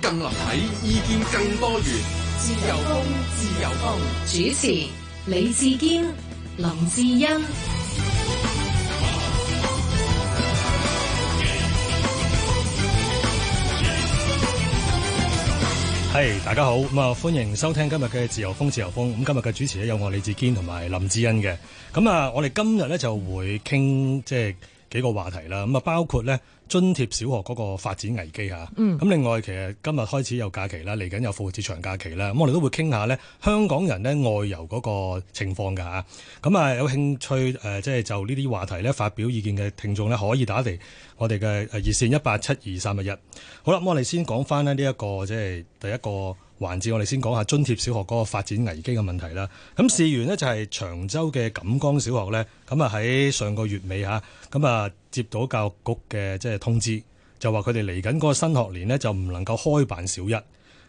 更立體，意見更多元。自由風，自由風。主持李志堅、林志恩。係、hey, 大家好，咁啊歡迎收聽今日嘅自由風，自由風。咁今日嘅主持咧有我李志堅同埋林志恩嘅。咁啊，我哋今日咧就會傾即係。幾個話題啦，咁啊包括咧津貼小學嗰個發展危機嚇，咁、嗯、另外其實今日開始有假期啦，嚟緊有復活節長假期啦，咁我哋都會傾下咧香港人咧外遊嗰個情況㗎嚇，咁啊有興趣誒即係就呢啲話題咧發表意見嘅聽眾咧可以打嚟我哋嘅熱線，一八七二三一一，好啦，咁我哋先講返咧呢一個即係第一個。環節我哋先講下津貼小學嗰個發展危機嘅問題啦。咁事源呢，就係長洲嘅錦江小學呢。咁啊喺上個月尾嚇，咁啊接到教育局嘅即係通知，就話佢哋嚟緊嗰個新學年呢，就唔能夠開辦小一。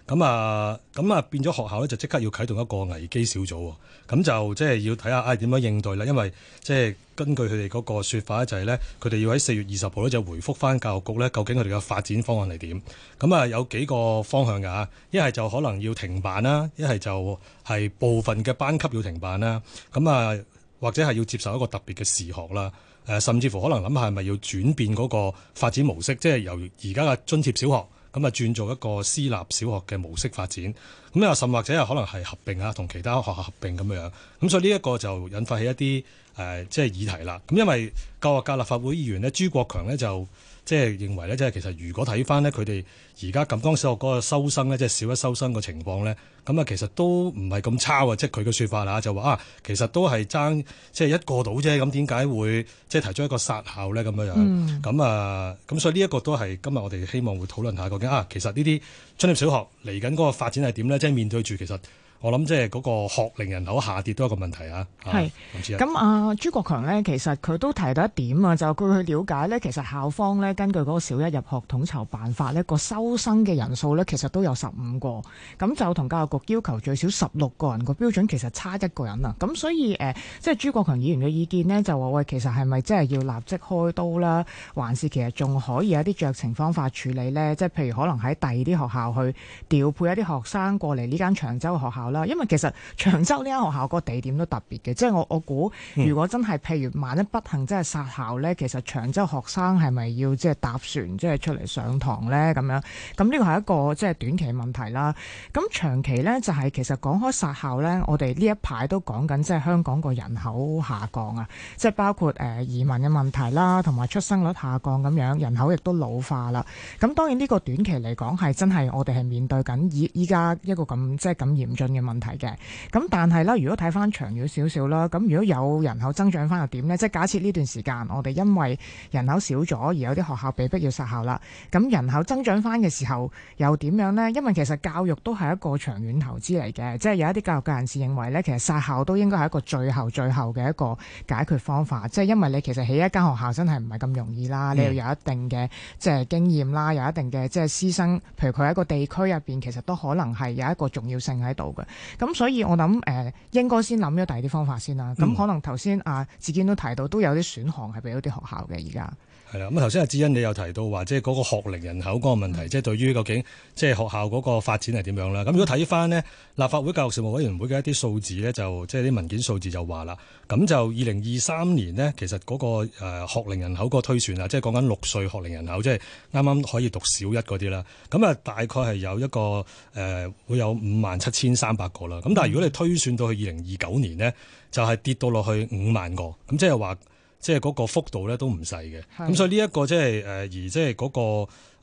咁啊，咁啊變咗學校咧，就即刻要啟動一個危機小組喎。咁就即係要睇下，唉點樣應對啦，因為即係根據佢哋嗰個説法咧、就是，就係咧，佢哋要喺四月二十號咧就回覆返教育局咧，究竟佢哋嘅發展方案係點？咁啊有幾個方向㗎嚇，一係就可能要停辦啦，一係就係部分嘅班級要停辦啦。咁啊，或者係要接受一個特別嘅視學啦。誒，甚至乎可能諗下係咪要轉變嗰個發展模式，即係由而家嘅津貼小學。咁啊轉做一個私立小學嘅模式發展，咁啊甚或者可能係合併啊，同其他學校合併咁樣，咁所以呢一個就引發起一啲誒即係議題啦。咁因為教育界立法會議員咧，朱國強咧就。即係認為咧，即係其實如果睇翻咧，佢哋而家錦江小學嗰個收生咧，即係小一收生嘅情況咧，咁啊，其實都唔係咁差啊！即係佢嘅說法啦，就話啊，其實都係爭即係一個到啫，咁點解會即係提出一個殺校咧咁樣樣？咁啊，咁所以呢一個都係今日我哋希望會討論下究竟啊，其實呢啲專業小學嚟緊嗰個發展係點咧？即係面對住其實。我諗即係嗰個學齡人口下跌都係一個問題啊，係。咁啊，朱國強呢，其實佢都提到一點啊，就佢、是、去了解呢，其實校方呢根據嗰個小一入學統籌辦法呢個收生嘅人數呢，其實都有十五個，咁就同教育局要求最少十六個人、個標準，其實差一個人啊。咁所以誒，即、呃、係、就是、朱國強議員嘅意見呢，就話喂，其實係咪即係要立即開刀啦？還是其實仲可以有啲酌情方法處理呢？」即係譬如可能喺第二啲學校去調配一啲學生過嚟呢間長洲學校。啦，因為其實長洲呢間學校個地點都特別嘅，即係我我估，如果真係譬如萬一不幸真係殺校咧，嗯，其實長洲學生係咪要即係搭船即係出嚟上堂咧咁樣？咁呢個係一個即係短期問題啦。咁長期咧就係其實講開殺校咧，我哋呢一排都講緊即係香港個人口下降啊，即係包括誒移民嘅問題啦，同埋出生率下降咁樣，人口亦都老化啦。咁當然呢個短期嚟講係真係我哋係面對緊，依依家一個咁即係咁嚴峻嘅問題嘅，咁但係啦，如果睇翻長遠少少啦，咁如果有人口增長翻又點咧？即係假設呢段時間我哋因為人口少咗而有啲學校被逼要殺校啦，咁人口增長翻嘅時候又點樣咧？因為其實教育都係一個長遠投資嚟嘅，即係有一啲教育界人士認為咧，其實殺校都應該係一個最後最後嘅一個解決方法，即係因為你其實起一間學校真係唔係咁容易啦，嗯，你要有一定嘅即係經驗啦，有一定嘅即係師生，譬如佢喺一個地區入邊，其實都可能係有一個重要性喺度嘅。咁所以我，我諗誒，應該先諗咗第二啲方法先啦。咁、嗯、可能頭先啊，子堅都提到，都有啲選項係俾咗啲學校嘅而家啦，咁頭頭先阿智恩你又提到話，即係嗰個學齡人口嗰個問題，即、嗯、係對於究竟即係學校嗰個發展係點樣啦？咁、嗯、如果睇翻呢立法會教育事務委員會嘅一啲數字呢，就即係啲文件數字就話啦，咁就二零二三年呢，其實嗰個誒學齡人口個個推算啊，即係講緊六歲學齡人口，即係啱啱可以讀小一嗰啲啦。咁啊，大概係有一個誒、呃、會有五萬七千三百個啦。咁但係如果你推算到去二零二九年呢，就係、是、跌到落去五萬個。咁即係話。即係嗰個幅度咧都唔細嘅，咁、嗯、所以、就是呃就是那個呃、呢一個即係而即係嗰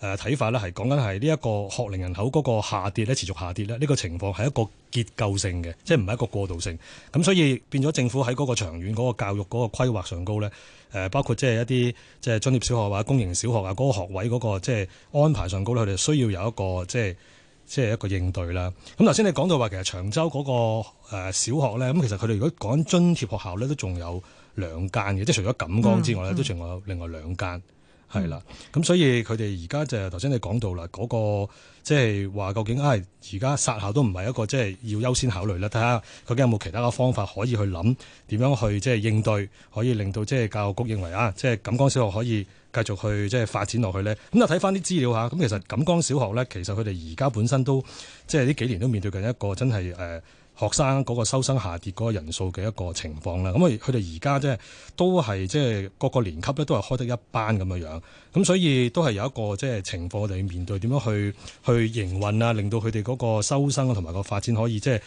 個睇法咧，係講緊係呢一個學齡人口嗰個下跌咧，持續下跌咧，呢、這個情況係一個結構性嘅，即係唔係一個過渡性。咁、嗯、所以變咗政府喺嗰個長遠嗰個教育嗰個規劃上高咧、呃，包括即係一啲即係津貼小學或者公營小學啊，嗰、那個學位嗰個即係安排上高咧，佢哋需要有一個即係即係一個應對啦。咁頭先你講到話其實長洲嗰、那個、呃、小學咧，咁其實佢哋如果講津貼學校咧，都仲有，兩間嘅，即係除咗錦江之外咧，都仲有另外兩間，係、嗯、啦。咁、嗯、所以佢哋而家就頭先你講到啦，嗰、那個即係話究竟啊，而家殺校都唔係一個即係、就是、要優先考慮啦。睇下佢竟有冇其他嘅方法可以去諗點樣去即係、就是、應對，可以令到即係、就是、教育局認為啊，即、就、係、是、錦江小學可以繼續去即係、就是、發展落去咧。咁就睇翻啲資料下。咁其實錦江小學咧，其實佢哋而家本身都即係呢幾年都面對緊一個真係誒學生嗰個收生下跌嗰個人數嘅一個情況啦，咁佢佢哋而家即係都係即係各個年級咧都係開得一班咁樣樣，咁所以都係有一個即係情況我哋要面對，點樣去去營運啊，令到佢哋嗰個收生同埋個發展可以即係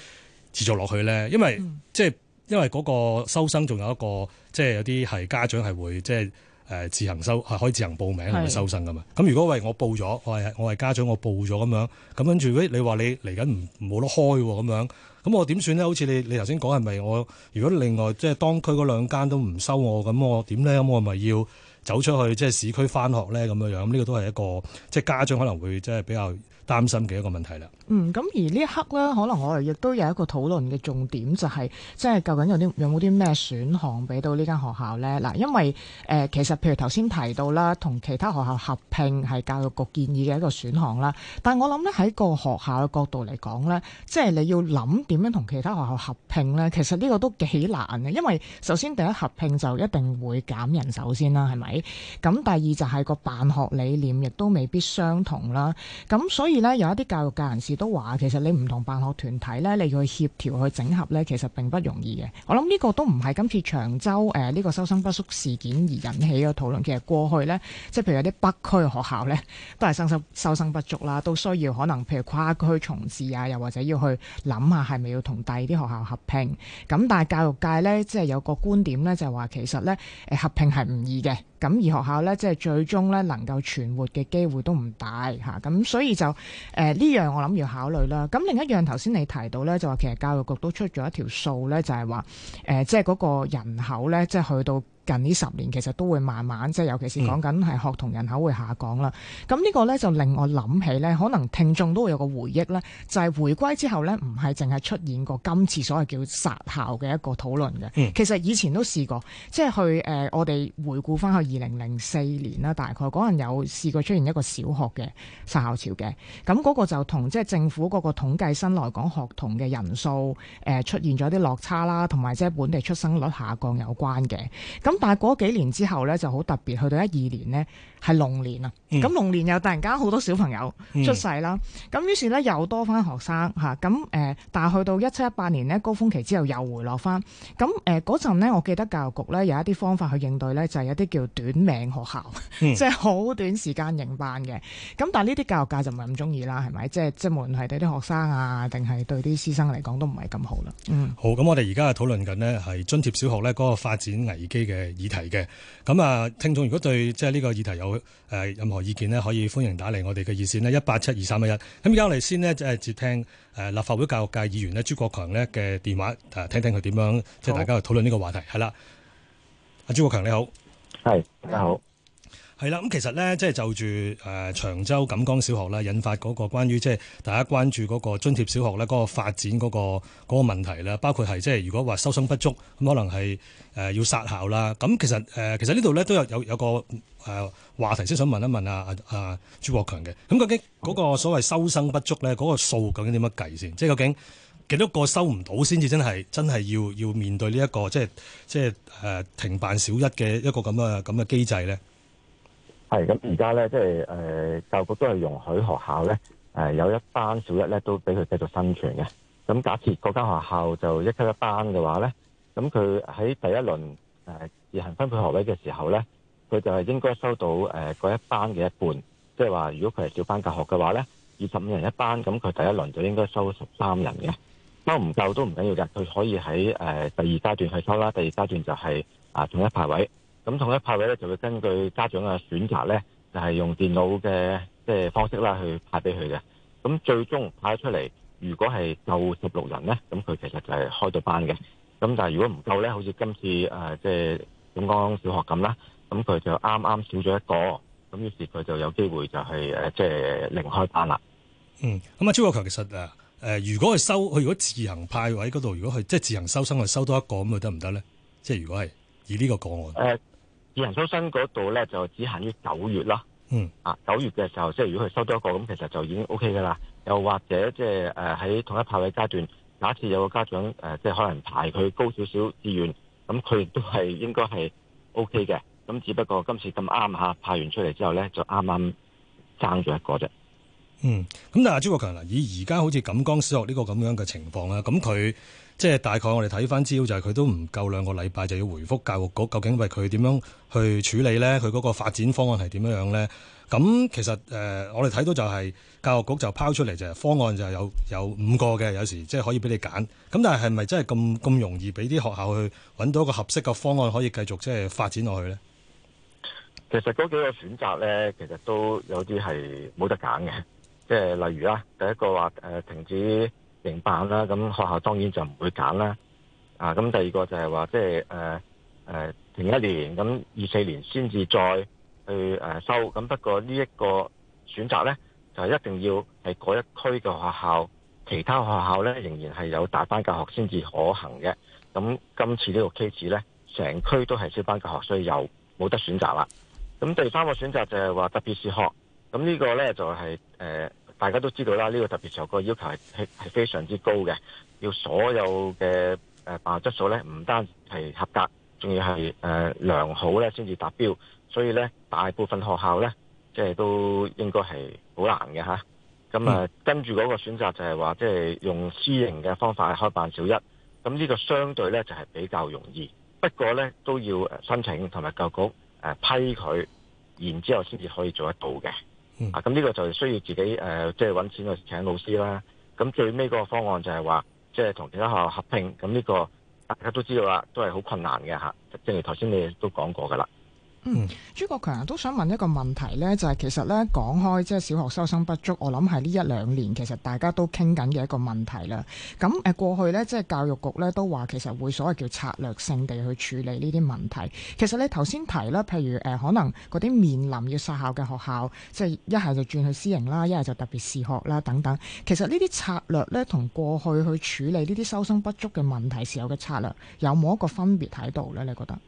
持續落去咧，因為即係因為嗰個收生仲有一個即係有啲係家長係會即係誒，自行收係可以自行報名同埋收生㗎嘛？咁如果喂，我報咗，我係我係家長，我報咗咁樣，咁跟住喂，你話你嚟緊唔冇得開喎咁樣，咁我點算咧？好似你你頭先講係咪我？如果另外即係當區嗰兩間都唔收我，咁我點咧？咁我咪要走出去即係市區返學咧？咁樣樣，呢個都係一個即係家長可能會即係比較。擔心嘅一個問題啦。嗯，咁而呢一刻咧，可能我哋亦都有一個討論嘅重點，就係，就係即係究竟有啲有冇啲咩選項俾到呢間學校呢？嗱，因為、呃、其實譬如頭先提到啦，同其他學校合併係教育局建議嘅一個選項啦。但我諗咧喺個學校嘅角度嚟講呢，即、就、係、係、你要諗點樣同其他學校合併呢？其實呢個都幾難嘅，因為首先第一合併就一定會減人手先啦，係咪？咁第二就係個辦學理念亦都未必相同啦。咁所以。咧有一啲教育界人士都話，其實你唔同辦學團體咧，你要去協調去整合咧，其實並不容易嘅。我諗呢個都唔係今次長洲誒呢、呃這個收生不縮事件而引起嘅討論。其實過去咧，即係譬如有啲北區嘅學校咧都係生收收生不足啦，都需要可能譬如跨區重置啊，又或者要去諗下係咪要同第二啲學校合併。咁但係教育界咧，即係有個觀點咧，就係、是、話其實咧誒合併係唔易嘅，咁而學校咧即係最終咧能夠存活嘅機會都唔大吓，咁、啊、所以就。誒呢樣我諗要考慮啦。咁另一樣頭先你提到咧，就話其實教育局都出咗一條數咧，就係話誒，即係嗰個人口咧，即係去到。近呢十年其實都會慢慢即係，尤其是講緊係學童人口會下降啦。咁、嗯、呢、這個呢，就令我諗起呢，可能聽眾都會有個回憶啦，就係、是、回歸之後呢，唔係淨係出現過今次所謂叫殺校嘅一個討論嘅。其實以前都試過，即係去、呃、我哋回顧返去二零零四年啦，大概嗰陣有試過出現一個小學嘅殺校潮嘅。咁、那、嗰個就同即係政府嗰個統計新來港學童嘅人數、呃、出現咗啲落差啦，同埋即係本地出生率下降有關嘅。咁但係嗰幾年之後呢，就好特別，去到一二年呢，係龍年啊，咁、嗯、龍年又突然間好多小朋友出世啦，咁、嗯、於是咧又多翻學生吓，咁誒，但係去到一七一八年呢，高峰期之後又回落翻，咁誒嗰陣呢，我記得教育局咧有一啲方法去應對咧，就係有啲叫短命學校。嗯、即係好短時間營辦嘅，咁但係呢啲教育界就唔係咁中意啦，係咪？即係即係無論係對啲學生啊，定係對啲師生嚟講都唔係咁好啦。嗯，好，咁我哋而家討論緊呢，係津貼小學呢嗰個發展危機嘅議題嘅，咁啊聽眾如果對即係呢個議題有，誒，任何意見咧可以歡迎打嚟我哋嘅熱線咧，一八七二三一一。咁而家我哋先咧，即係接聽誒立法會教育界議員咧朱國強咧嘅電話，誒聽聽佢點樣，即係大家去討論呢個話題係啦。阿朱國強你好，係，大家好。係啦，咁其實咧，即係就住誒長洲錦江小學啦，引發嗰個關於即係大家關注嗰個津貼小學咧嗰個發展嗰個嗰個問題啦，包括係即係如果話收生不足，咁可能係誒要殺校啦。咁其實誒、呃、其實呢度咧都有有有個誒話題，先想問一問啊啊朱國強嘅咁究竟嗰個所謂收生不足咧嗰、那個數究竟點乜計先？即係究竟幾多個收唔到先至真係真係要要面對呢、這、一個即係即係停辦小一嘅一個咁嘅咁嘅機制咧？係咁而家咧，即係誒，教局都係容許學校咧誒、呃、有一班小一咧，都俾佢繼續生存嘅。咁假設嗰間學校就一級一班嘅話咧，咁佢喺第一輪誒、呃、自行分配學位嘅時候咧，佢就係應該收到誒嗰、呃、一班嘅一半。即係話如果佢係小班教學嘅話咧，二十五人一班，咁佢第一輪就應該收十三人嘅，不過唔夠都唔緊要噶，佢可以喺誒、呃、第二階段去收啦。第二階段就係啊統一派位，咁同一派位咧，就會根據家長嘅選擇咧，就係、是、用電腦嘅即係方式啦，去派俾佢嘅。咁最終派出嚟，如果係夠十六人咧，咁佢其實就係開咗班嘅。咁但係如果唔夠咧，好似今次誒、呃、即係點講小學咁啦，咁佢就啱啱少咗一個，咁於是佢就有機會就係、是、誒即係另開班啦。嗯，咁啊，朱國強其實誒誒、呃，如果佢收，佢如果自行派位嗰度，如果佢即係自行收生，佢收多一個咁，佢得唔得咧？即、就、係、是、如果係以呢個個案。呃二人收生嗰度咧就只限於九月啦。嗯啊九月嘅時候，即係如果佢收多一個咁，其實就已經 O K 噶啦。又或者即係誒喺同一派位階段，假設有個家長誒、呃、即係可能排佢高少少志願，咁佢亦都係應該係 O K 嘅。咁只不過今次咁啱吓派完出嚟之後咧，就啱啱爭咗一個啫。嗯，咁但係朱國強啦，以而家好似錦江小學呢個咁樣嘅情況咧，咁佢。即、就、係、是、大概我哋睇翻資料，就係佢都唔夠兩個禮拜就要回覆教育局。究竟係佢點樣去處理咧？佢嗰個發展方案係點樣樣咧？咁其實誒、呃，我哋睇到就係教育局就拋出嚟就係、是、方案就，就有有五個嘅，有時即係可以俾你揀。咁但係係咪真係咁咁容易俾啲學校去揾到一個合適嘅方案可以繼續即係發展落去咧？其實嗰幾個選擇咧，其實都有啲係冇得揀嘅。即、就、係、是、例如啊，第一個話誒、呃、停止。停辦啦，咁學校當然就唔會揀啦。啊，咁第二個就係話，即係誒誒，停一年，咁二四年先至再去誒、呃、收。咁不過呢一個選擇呢，就係一定要係嗰一區嘅學校，其他學校呢，仍然係有大班教學先至可行嘅。咁今次呢個 case 呢，成區都係小班教學，所以又冇得選擇啦。咁第三個選擇就係話特別小學。咁呢個呢，就係、是、誒。呃大家都知道啦，呢、呢個特別場個要求係非常之高嘅，要所有嘅誒辦學質素咧，唔單係合格，仲要係誒良好咧先至達標。所以咧，大部分學校咧，即係都應該係好難嘅嚇。咁、嗯、啊，跟住嗰個選擇就係話，即係用私營嘅方法開辦小一。咁呢個相對咧就係比較容易，不過咧都要申請同埋教育局批佢，然之後先至可以做得到嘅。嗯、啊！咁呢個就需要自己誒即係揾錢去請老師啦。咁最尾個方案就係話即係同其他學校合併，咁呢個大家都知道啦，都係好困難嘅吓，正如頭先你都講過㗎啦。嗯，朱國強都想問一個問題呢，就係、是、其實呢講開即係小學收生不足，我諗係呢一兩年其實大家都傾緊嘅一個問題啦。咁誒過去呢，即係教育局呢都話其實會所謂叫策略性地去處理呢啲問題。其實你頭先提啦，譬如誒、呃、可能嗰啲面臨要殺校嘅學校，即係一係就轉、是、去私營啦，一係就特別試學啦等等。其實呢啲策略呢，同過去去處理呢啲收生不足嘅問題時候嘅策略有冇一個分別喺度呢？你覺得？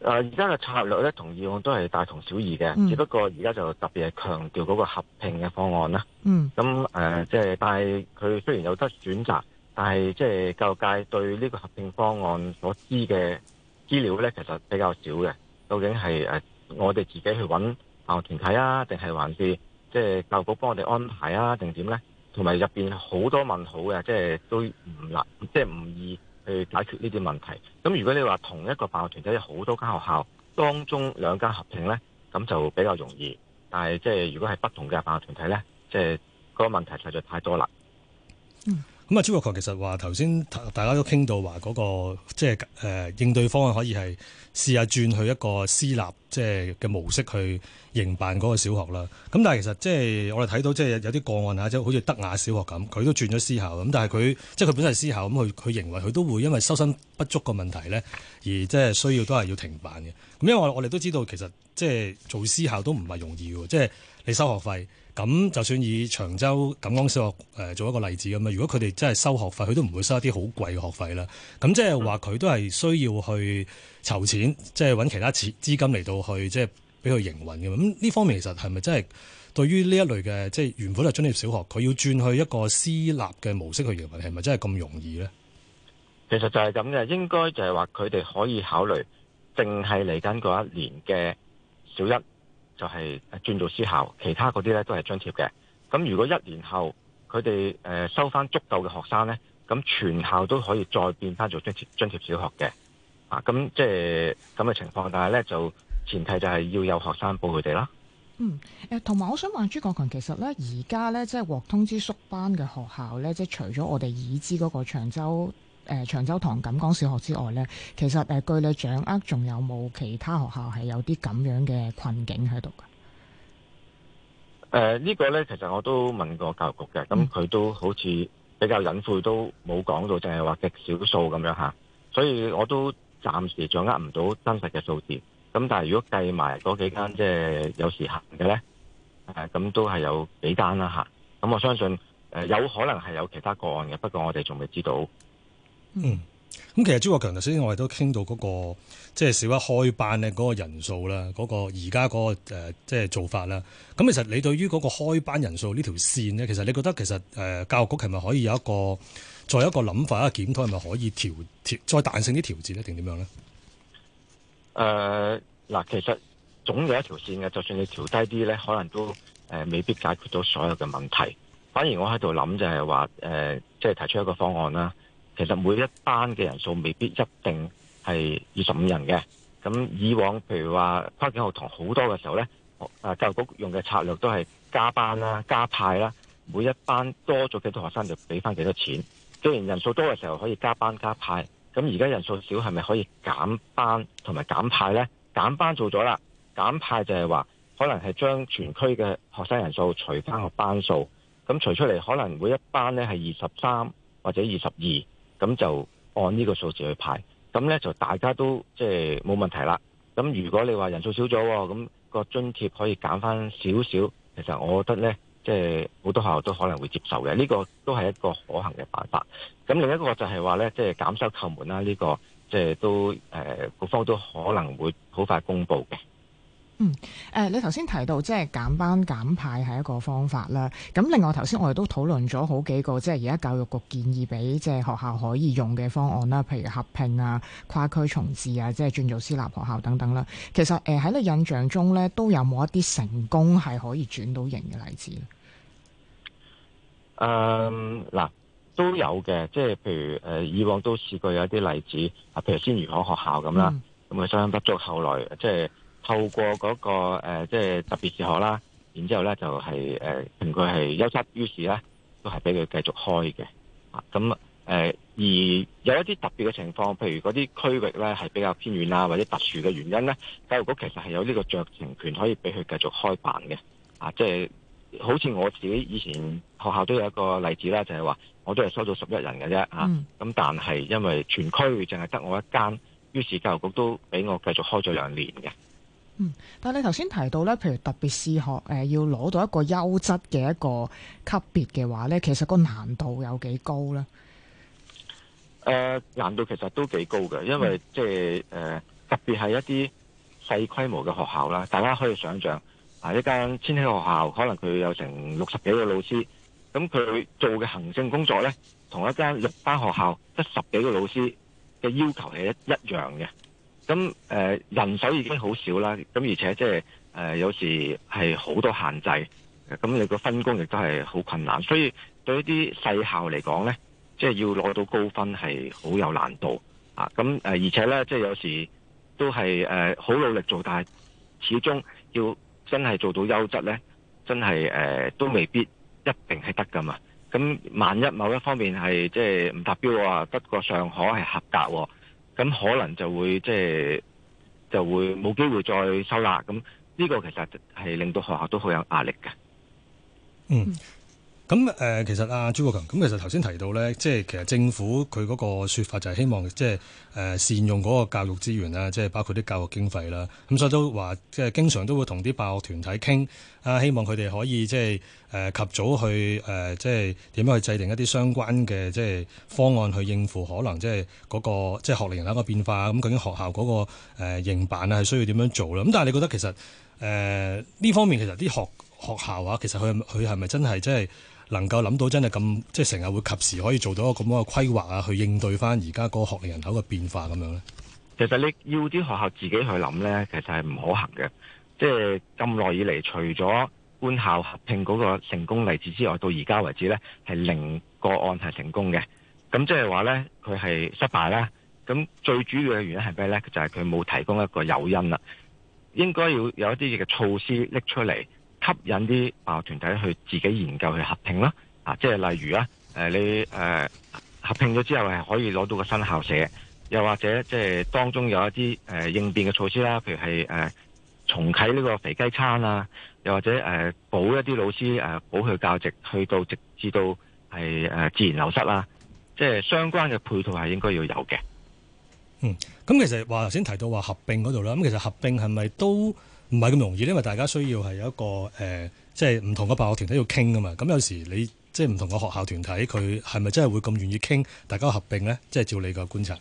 誒而家嘅策略咧，同以往都係大同小異嘅、嗯，只不過而家就特別係強調嗰個合併嘅方案啦。嗯。咁誒，即、呃、係、就是、但係佢雖然有得選擇，但係即係教育界對呢個合併方案所知嘅資料咧，其實比較少嘅。究竟係誒我哋自己去揾學校團體啊，定係還是即係、就是、教育局幫我哋安排啊，定點咧？同埋入邊好多問號嘅，即、就、係、是、都唔難，即係唔易。去解決呢啲問題。咁如果你話同一個辦學團體有好多間學校，當中兩間合併呢，咁就比較容易。但係即係如果係不同嘅辦學團體呢，即係嗰個問題實在太多啦。嗯咁啊，朱國強其實話頭先大家都傾到話嗰個即係誒應對方案可以係試下轉去一個私立即係嘅模式去營辦嗰個小學啦。咁但係其實即係我哋睇到即係有啲個案啊，即係好似德雅小學咁，佢都轉咗私校咁。但係佢即係佢本身係私校咁，佢佢認為佢都會因為收生不足個問題咧，而即係需要都係要停辦嘅。咁因為我哋都知道其實即係做私校都唔係容易喎，即係。你收學費，咁就算以長洲錦江小學做一個例子咁，如果佢哋真係收學費，佢都唔會收一啲好貴嘅學費啦。咁即係話佢都係需要去籌錢，即係揾其他資金嚟到去即係俾佢營運嘅。咁呢方面其實係咪真係對於呢一類嘅即係原本係中業小學，佢要轉去一個私立嘅模式去營運，係咪真係咁容易呢？其實就係咁嘅，應該就係話佢哋可以考慮，淨係嚟緊嗰一年嘅小一。就係、是、轉做私校，其他嗰啲呢都係津貼嘅。咁如果一年後佢哋誒收翻足夠嘅學生呢，咁全校都可以再變翻做津貼津貼小學嘅。啊，咁即係咁嘅情況，但係呢就前提就係要有學生報佢哋啦。嗯，誒同埋我想問朱國強，其實呢而家呢，即係獲通知縮班嘅學校呢，即係除咗我哋已知嗰個長洲。誒、呃、長洲塘錦江小學之外呢，其實誒、呃、據你掌握，仲有冇其他學校係有啲咁樣嘅困境喺度嘅？誒、呃、呢、呢個呢，其實我都問過教育局嘅，咁佢都好似比較隱晦，都冇講到，就係話極少數咁樣嚇。所以我都暫時掌握唔到真實嘅數字。咁但係如果計埋嗰幾間即係有時行嘅呢，誒咁都係有幾單啦嚇。咁我相信誒、呃、有可能係有其他個案嘅，不過我哋仲未知道。嗯，咁其實朱國強，頭先我哋都傾到嗰個，即係少一開班咧，嗰個人數啦，嗰個而家嗰個誒，即係做法啦。咁其實你對於嗰個開班人數呢條線咧，其實你覺得其實誒，教育局係咪可以有一個再一個諗法，一個檢討係咪可以調調再彈性啲調節咧，定點樣咧？誒，嗱，其實總有一條線嘅，就算你調低啲咧，可能都誒未必解決到所有嘅問題。反而我喺度諗就係話，誒，即係提出一個方案啦。其實每一班嘅人數未必一定係二十五人嘅。咁以往，譬如話跨境學堂好多嘅時候呢，教育局用嘅策略都係加班啦、啊、加派啦、啊。每一班多咗幾多學生就俾翻幾多錢。既然人數多嘅時候可以加班加派，咁而家人數少係咪可以減班同埋減派呢？減班做咗啦，減派就係話可能係將全區嘅學生人數除翻個班數，咁除出嚟，可能每一班呢係二十三或者二十二。咁就按呢個數字去排，咁呢就大家都即係冇問題啦。咁如果你話人數少咗，咁個津貼可以減翻少少，其實我覺得呢，即係好多學校都可能會接受嘅。呢個都係一個可行嘅辦法。咁另一個就係話呢，即係減收叩門啦。呢個即係都誒，各方都可能會好快公佈嘅。嗯，誒、呃，你頭先提到即係減班減派係一個方法啦。咁另外頭先我哋都討論咗好幾個，即係而家教育局建議俾即係學校可以用嘅方案啦，譬如合併啊、跨區重置啊、即係轉做私立學校等等啦。其實誒喺、呃、你印象中咧，都有冇一啲成功係可以轉到型嘅例子咧？嗱、嗯嗯，都有嘅，即係譬如誒、呃，以往都試過有一啲例子，啊，譬如先如港學校咁啦，咁佢收生不足，後來即係。透過嗰、那個誒，即、呃、係、就是、特別許可啦，然之後咧就係、是、誒，憑佢係優質，於是咧都係俾佢繼續開嘅啊。咁、呃、誒，而有一啲特別嘅情況，譬如嗰啲區域咧係比較偏遠啊，或者特殊嘅原因咧，教育局其實係有呢個酌情權，可以俾佢繼續開辦嘅啊。即、就、係、是、好似我自己以前學校都有一個例子啦，就係、是、話我都係收到十一人嘅啫啊。咁、嗯、但係因為全區淨係得我一間，於是教育局都俾我繼續開咗兩年嘅。嗯，但係你頭先提到咧，譬如特別視學，誒、呃、要攞到一個優質嘅一個級別嘅話咧，其實個難度有幾高咧？誒、呃，難度其實都幾高嘅，因為即係誒，特別係一啲細規模嘅學校啦，大家可以想象，啊，一間千禧學校可能佢有成六十幾個老師，咁佢做嘅行政工作咧，同一間六班學校得十幾個老師嘅要求係一一樣嘅。咁誒、呃、人手已經好少啦，咁而且即係誒有時係好多限制，咁你個分工亦都係好困難，所以對一啲細校嚟講咧，即係要攞到高分係好有難度啊！咁而且咧，即係有時都係誒好努力做，但係始終要真係做到優質咧，真係誒、呃、都未必一定係得噶嘛。咁萬一某一方面係即係唔達標啊，得個上可係合格喎。咁可能就會即係就會冇機會再收納，咁呢個其實係令到學校都好有壓力㗎。嗯。咁、嗯、誒、呃，其實啊，朱國強，咁、嗯、其實頭先提到咧，即、就、係、是、其實政府佢嗰個説法就係希望，即、就、係、是、善用嗰個教育資源啦，即係包括啲教育經費啦。咁、嗯、所以都話，即、就、係、是、經常都會同啲辦學團體傾啊，希望佢哋可以即係、就是呃、及早去誒，即係點樣去制定一啲相關嘅即係方案去應付可能即係嗰個即係、就是、學齡層一個變化。咁、嗯、究竟學校嗰、那個誒營、呃、辦啊，係需要點樣做啦？咁但係你覺得其實誒呢、呃、方面其實啲學學校啊，其實佢佢係咪真係即係？就是能夠諗到真係咁，即係成日會及時可以做到一個咁樣嘅規劃啊，去應對翻而家嗰個學齡人口嘅變化咁樣咧。其實你要啲學校自己去諗咧，其實係唔可行嘅。即係咁耐以嚟，除咗官校合併嗰個成功例子之外，到而家為止咧係零個案係成功嘅。咁即係話咧，佢係失敗啦。咁最主要嘅原因係咩咧？就係佢冇提供一個誘因啦。應該要有一啲嘅措施拎出嚟。吸引啲辦學團體去自己研究去合併啦，啊，即係例如啊，誒、呃，你誒、呃、合併咗之後係可以攞到個新校舍，又或者即係當中有一啲誒、呃、應變嘅措施啦，譬如係誒、呃、重啟呢個肥雞餐啊，又或者誒補、呃、一啲老師誒補佢教職，去到直至到係誒、呃、自然流失啦，即係相關嘅配套係應該要有嘅。嗯，咁其實話頭先提到話合併嗰度啦，咁其實合併係咪都？唔係咁容易，因為大家需要係有一個誒、呃、即係唔同嘅辦學團體要傾㗎嘛。咁有時你即係唔同嘅學校團體，佢係咪真係會咁願意傾？大家合併呢，即係照你個觀察。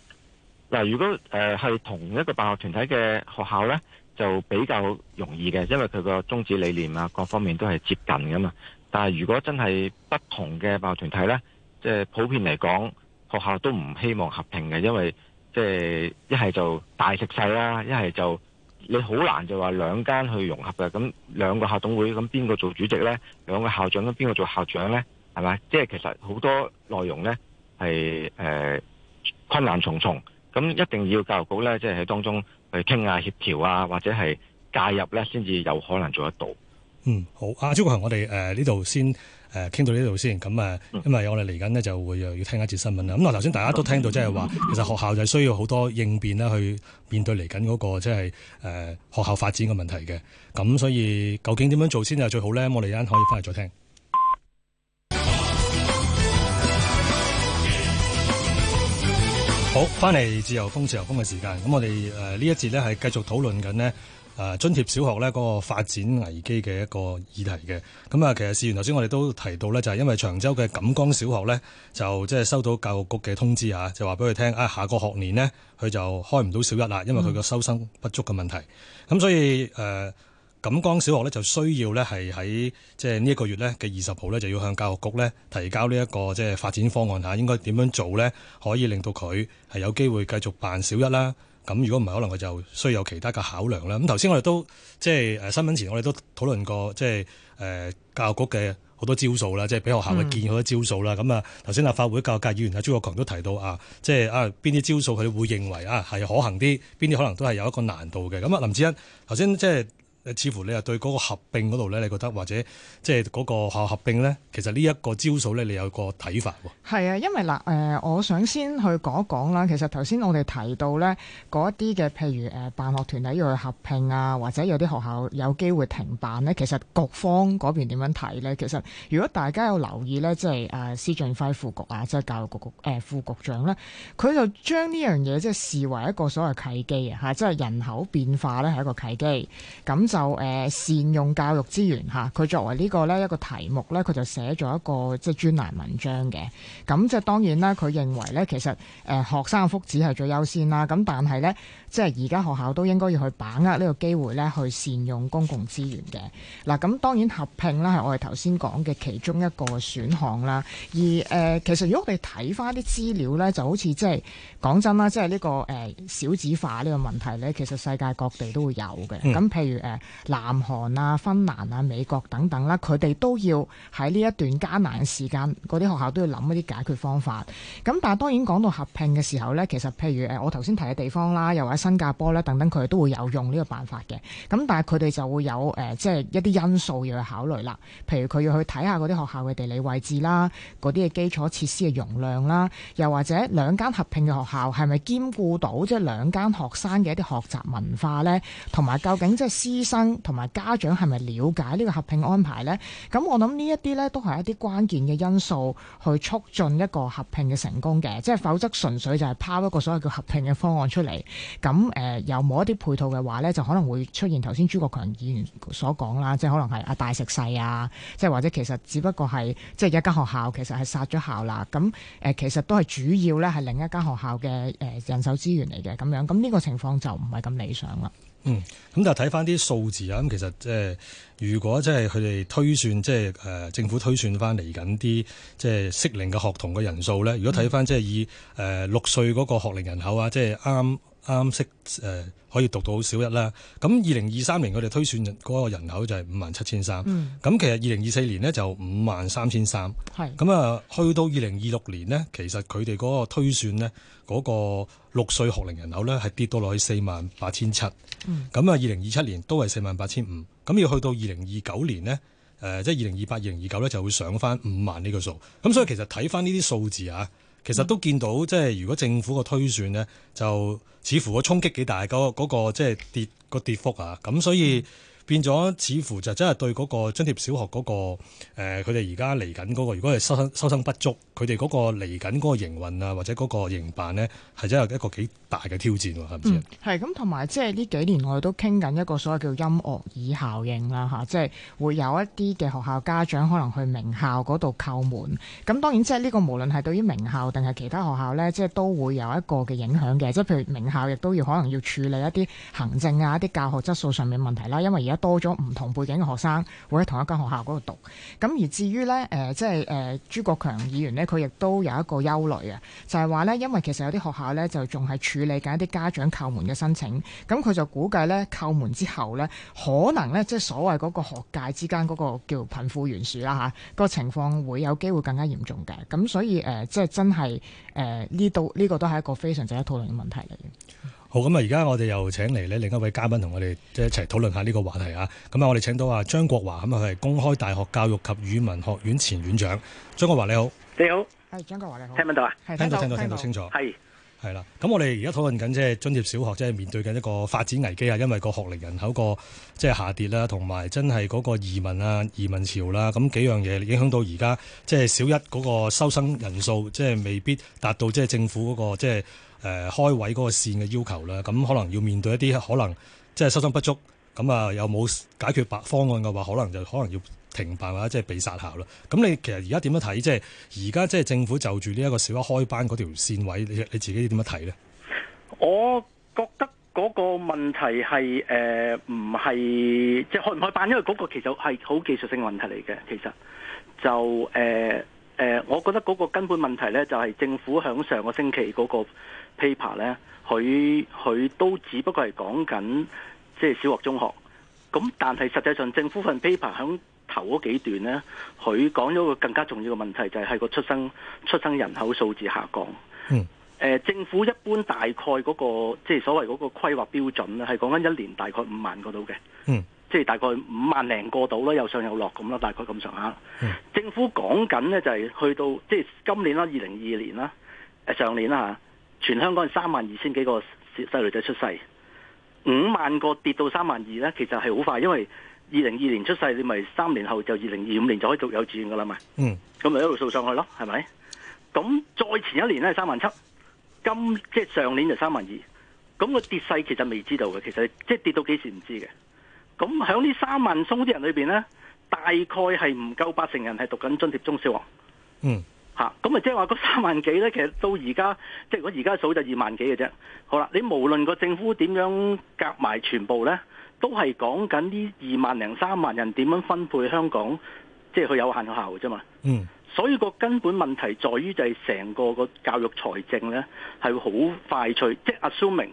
嗱，如果誒係、呃、同一個辦學團體嘅學校呢，就比較容易嘅，因為佢個宗旨理念啊各方面都係接近㗎嘛。但係如果真係不同嘅辦學團體呢，即係普遍嚟講，學校都唔希望合併嘅，因為即係一係就大食細啦，一係就。你好難就話兩間去融合嘅，咁兩個校董會咁邊個做主席呢？兩個校長咁邊個做校長呢？係咪？即係其實好多內容呢係、呃、困難重重，咁一定要教育局呢，即係喺當中去傾下協調啊，或者係介入呢，先至有可能做得到。嗯，好，阿朱國強，我哋呢度先。誒傾到呢度先，咁啊，因為我哋嚟緊呢就會又要聽一節新聞啦。咁頭先大家都聽到，即係話其實學校就係需要好多應變啦，去面對嚟緊嗰個即係誒學校發展嘅問題嘅。咁所以究竟點樣做先係最好咧？我哋一陣可以翻嚟再聽。好，翻嚟自由風自由風嘅時間，咁我哋誒呢一節咧係繼續討論緊呢。誒津貼小學呢嗰個發展危機嘅一個議題嘅，咁啊，其實事緣頭先我哋都提到呢，就係因為長洲嘅錦江小學呢，就即係收到教育局嘅通知下就話俾佢聽，啊下個學年呢，佢就開唔到小一啦，因為佢個收生不足嘅問題。咁、嗯、所以誒、呃、錦江小學呢，就需要呢係喺即係呢一個月呢嘅二十號呢，就要向教育局呢提交呢一個即係發展方案下應該點樣做呢？可以令到佢係有機會繼續辦小一啦。咁如果唔係，可能佢就需要有其他嘅考量啦。咁頭先我哋都即係新聞前，我哋都討論過即係教育局嘅好多招數啦，即係俾學校去建議好多招數啦。咁、嗯、啊，頭先立法會教育界議員阿朱國強都提到啊，即係啊邊啲招數佢會認為啊係可行啲，邊啲可能都係有一個難度嘅。咁啊，林志欣頭先即係。似乎你又對嗰個合併嗰度咧，你覺得或者即係嗰個校合併咧，其實呢一個招數咧，你有個睇法係啊，因為嗱誒、呃、我想先去講一講啦。其實頭先我哋提到咧嗰一啲嘅，譬如誒辦學團體要去合併啊，或者有啲學校有機會停辦咧。其實局方嗰邊點樣睇咧，其實如果大家有留意咧、即係啊，即係誒施俊輝副局啊，即係教育局局誒、呃、副局長咧，佢就將呢樣嘢即係視為一個所謂契機啊，吓，即係人口變化咧係一個契機。咁就。就誒善用教育資源吓，佢作為呢個咧一個題目咧，佢就寫咗一個即係、就是、專欄文章嘅。咁即係當然啦，佢認為咧，其實誒、呃、學生嘅福祉係最優先啦。咁但係咧。即係而家學校都應該要去把握呢個機會咧，去善用公共資源嘅。嗱，咁當然合併咧係我哋頭先講嘅其中一個選項啦。而誒、呃，其實如果我哋睇返啲資料咧，就好似即係講真啦，即係呢、這個誒、呃、少子化呢個問題咧，其實世界各地都會有嘅。咁、嗯、譬如誒、呃，南韓啊、芬蘭啊、美國等等啦，佢哋都要喺呢一段艱難嘅時間，嗰啲學校都要諗一啲解決方法。咁但係當然講到合併嘅時候咧，其實譬如誒，我頭先提嘅地方啦，又或者。新加坡咧，等等佢哋都會有用呢個辦法嘅。咁但係佢哋就會有誒即係一啲因素要去考慮啦。譬如佢要去睇下嗰啲學校嘅地理位置啦，嗰啲嘅基礎設施嘅容量啦，又或者兩間合併嘅學校係咪兼顧到即係兩間學生嘅一啲學習文化咧？同埋究竟即係師生同埋家長係咪了解呢個合併安排咧？咁我諗呢一啲咧都係一啲關鍵嘅因素去促進一個合併嘅成功嘅。即係否則純粹就係拋一個所謂叫合併嘅方案出嚟。咁誒，有冇一啲配套嘅話咧，就可能會出現頭先朱國強議員所講啦，即係可能係大食細啊，即係或者其實只不過係即係一間學校，其實係殺咗校啦。咁誒，其實都係主要咧係另一間學校嘅誒人手資源嚟嘅咁樣。咁呢個情況就唔係咁理想啦。嗯，咁就睇翻啲數字啊。咁其實即係如果即係佢哋推算，即係誒政府推算翻嚟緊啲即係適齡嘅學童嘅人數咧。如果睇翻即係以誒六歲嗰個學齡人口啊，即係啱。啱、嗯、識誒、呃、可以讀到小一啦，咁二零二三年佢哋推算嗰個人口就係五萬七千三，咁其實二零二四年呢，就五萬三千三，咁、嗯、啊去到二零二六年呢，其實佢哋嗰個推算呢，嗰、嗰個六歲學齡人口呢，係跌到落去四萬八千七，咁啊二零二七年都係四萬八千五，咁要去到二零二九年呢，誒、呃，即係二零二八、二零二九呢，就會上翻五萬呢個數，咁所以其實睇翻呢啲數字啊～其實都見到，即係如果政府個推算呢，就似乎個衝擊幾大，嗰、嗰個即係跌、嗰個跌幅啊，咁所以。變咗，似乎就真係對嗰個津貼小學嗰個誒，佢哋而家嚟緊嗰個，如果係收生收生不足，佢哋嗰個嚟緊嗰個營運啊，或者嗰個營辦呢，係真係一個幾大嘅挑戰喎，係咪先？係咁同埋即係呢幾年我哋都傾緊一個所謂叫音樂椅效應啦，嚇，即係會有一啲嘅學校家長可能去名校嗰度叩門。咁當然即係呢個無論係對於名校定係其他學校呢，即係都會有一個嘅影響嘅。即係譬如名校亦都要可能要處理一啲行政啊、一啲教學質素上面問題啦，因為而家。多咗唔同背景嘅學生會喺同一間學校嗰度讀。咁而至於呢，誒即係誒朱國強議員呢，佢亦都有一個憂慮啊，就係話呢，因為其實有啲學校呢，就仲係處理緊一啲家長叩門嘅申請。咁佢就估計呢，叩門之後呢，可能呢，即係所謂嗰個學界之間嗰個叫貧富懸殊啦嚇，嗰個情況會有機會更加嚴重嘅。咁所以誒，即係真係誒呢度呢個都係一個非常值得討論嘅問題嚟嘅。好咁啊！而家我哋又請嚟咧另一位嘉賓同我哋即係一齊討論下呢個話題啊！咁啊，我哋請到啊張國華，咁啊佢係公開大學教育及語文學院前院長。張國華你好，你好，係張國華你好，聽唔聽到啊？聽到聽到聽到，聽到，聽到清楚，係係啦。咁我哋而家討論緊即係津貼小學，即係面對緊一個發展危機啊！因為個學齡人口個即係下跌啦，同埋真係嗰個移民啊、移民潮啦，咁幾樣嘢影響到而家即係小一嗰個收生人數，即係未必達到即係政府嗰個即係。誒、呃、開位嗰個線嘅要求啦，咁可能要面對一啲可能即係收生不足，咁啊有冇解決白方案嘅話，可能就可能要停辦或者即係被殺校啦。咁你其實而家點樣睇？即係而家即係政府就住呢一個小一開班嗰條線位，你你自己點樣睇呢？我覺得嗰個問題係唔係即係開唔開辦，因為嗰個其實係好技術性問題嚟嘅。其實就誒、呃呃、我覺得嗰個根本問題呢，就係、是、政府向上個星期嗰、那個。paper 咧，佢佢都只不過係講緊即係小學、中學。咁但係實際上政府份 paper 響頭嗰幾段咧，佢講咗個更加重要嘅問題就係個出生出生人口數字下降。嗯、呃。政府一般大概嗰、那個即係、就是、所謂嗰個規劃標準咧，係講緊一年大概五萬個度嘅。嗯。即、就、係、是、大概五萬零個度啦，有上有落咁啦，大概咁上下。政府講緊咧就係、是、去到即係、就是、今年啦，二零二二年啦、呃，上年啦、啊全香港係三萬二千幾個細女仔出世，五萬個跌到三萬二咧，其實係好快，因為二零二年出世，你咪三年後就二零二五年就可以讀幼稚園噶啦嘛。嗯，咁咪一路數上去咯，係咪？咁再前一年咧三萬七，今即係上年就三萬二，咁個跌勢其實未知道嘅，其實即係跌到幾時唔知嘅。咁響呢三萬鬆啲人裏邊咧，大概係唔夠八成人係讀緊津貼中小學。嗯。吓咁啊，即係話嗰三萬幾咧，其實到而家，即係我而家數就二萬幾嘅啫。好啦，你無論個政府點樣夾埋全部咧，都係講緊呢二萬零三萬人點樣分配香港，即係佢有限嘅效嘅啫嘛。嗯。所以個根本問題在於就係成個個教育財政咧，係會好快脆。即係 assuming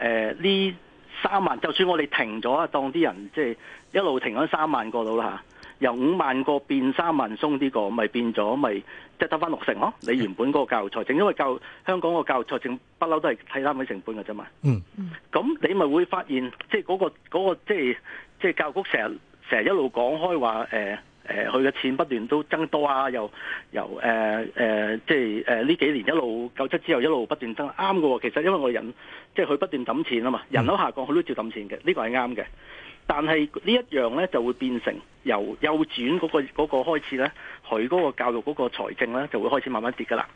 誒呢三萬，就算我哋停咗啊，當啲人即係一路停咗三萬個度啦吓由五萬個變三萬鬆呢個，咪變咗咪即係得返六成咯？你原本嗰個教育財政，因為教香港個教育財政不嬲都係睇單位成本嘅啫嘛。嗯，咁你咪會發現，即係嗰個嗰個即係即係教育局成日成日一路講開話誒佢嘅錢不斷都增多啊，又由誒誒即係誒呢幾年一路九七之後一路不斷增，啱嘅喎。其實因為我人即係佢不斷抌錢啊嘛，人口下降佢都照抌錢嘅，呢個係啱嘅。但係呢一樣呢，就會變成由幼稚園嗰、個嗰、個開始呢，佢嗰個教育嗰個財政呢，就會開始慢慢跌噶啦。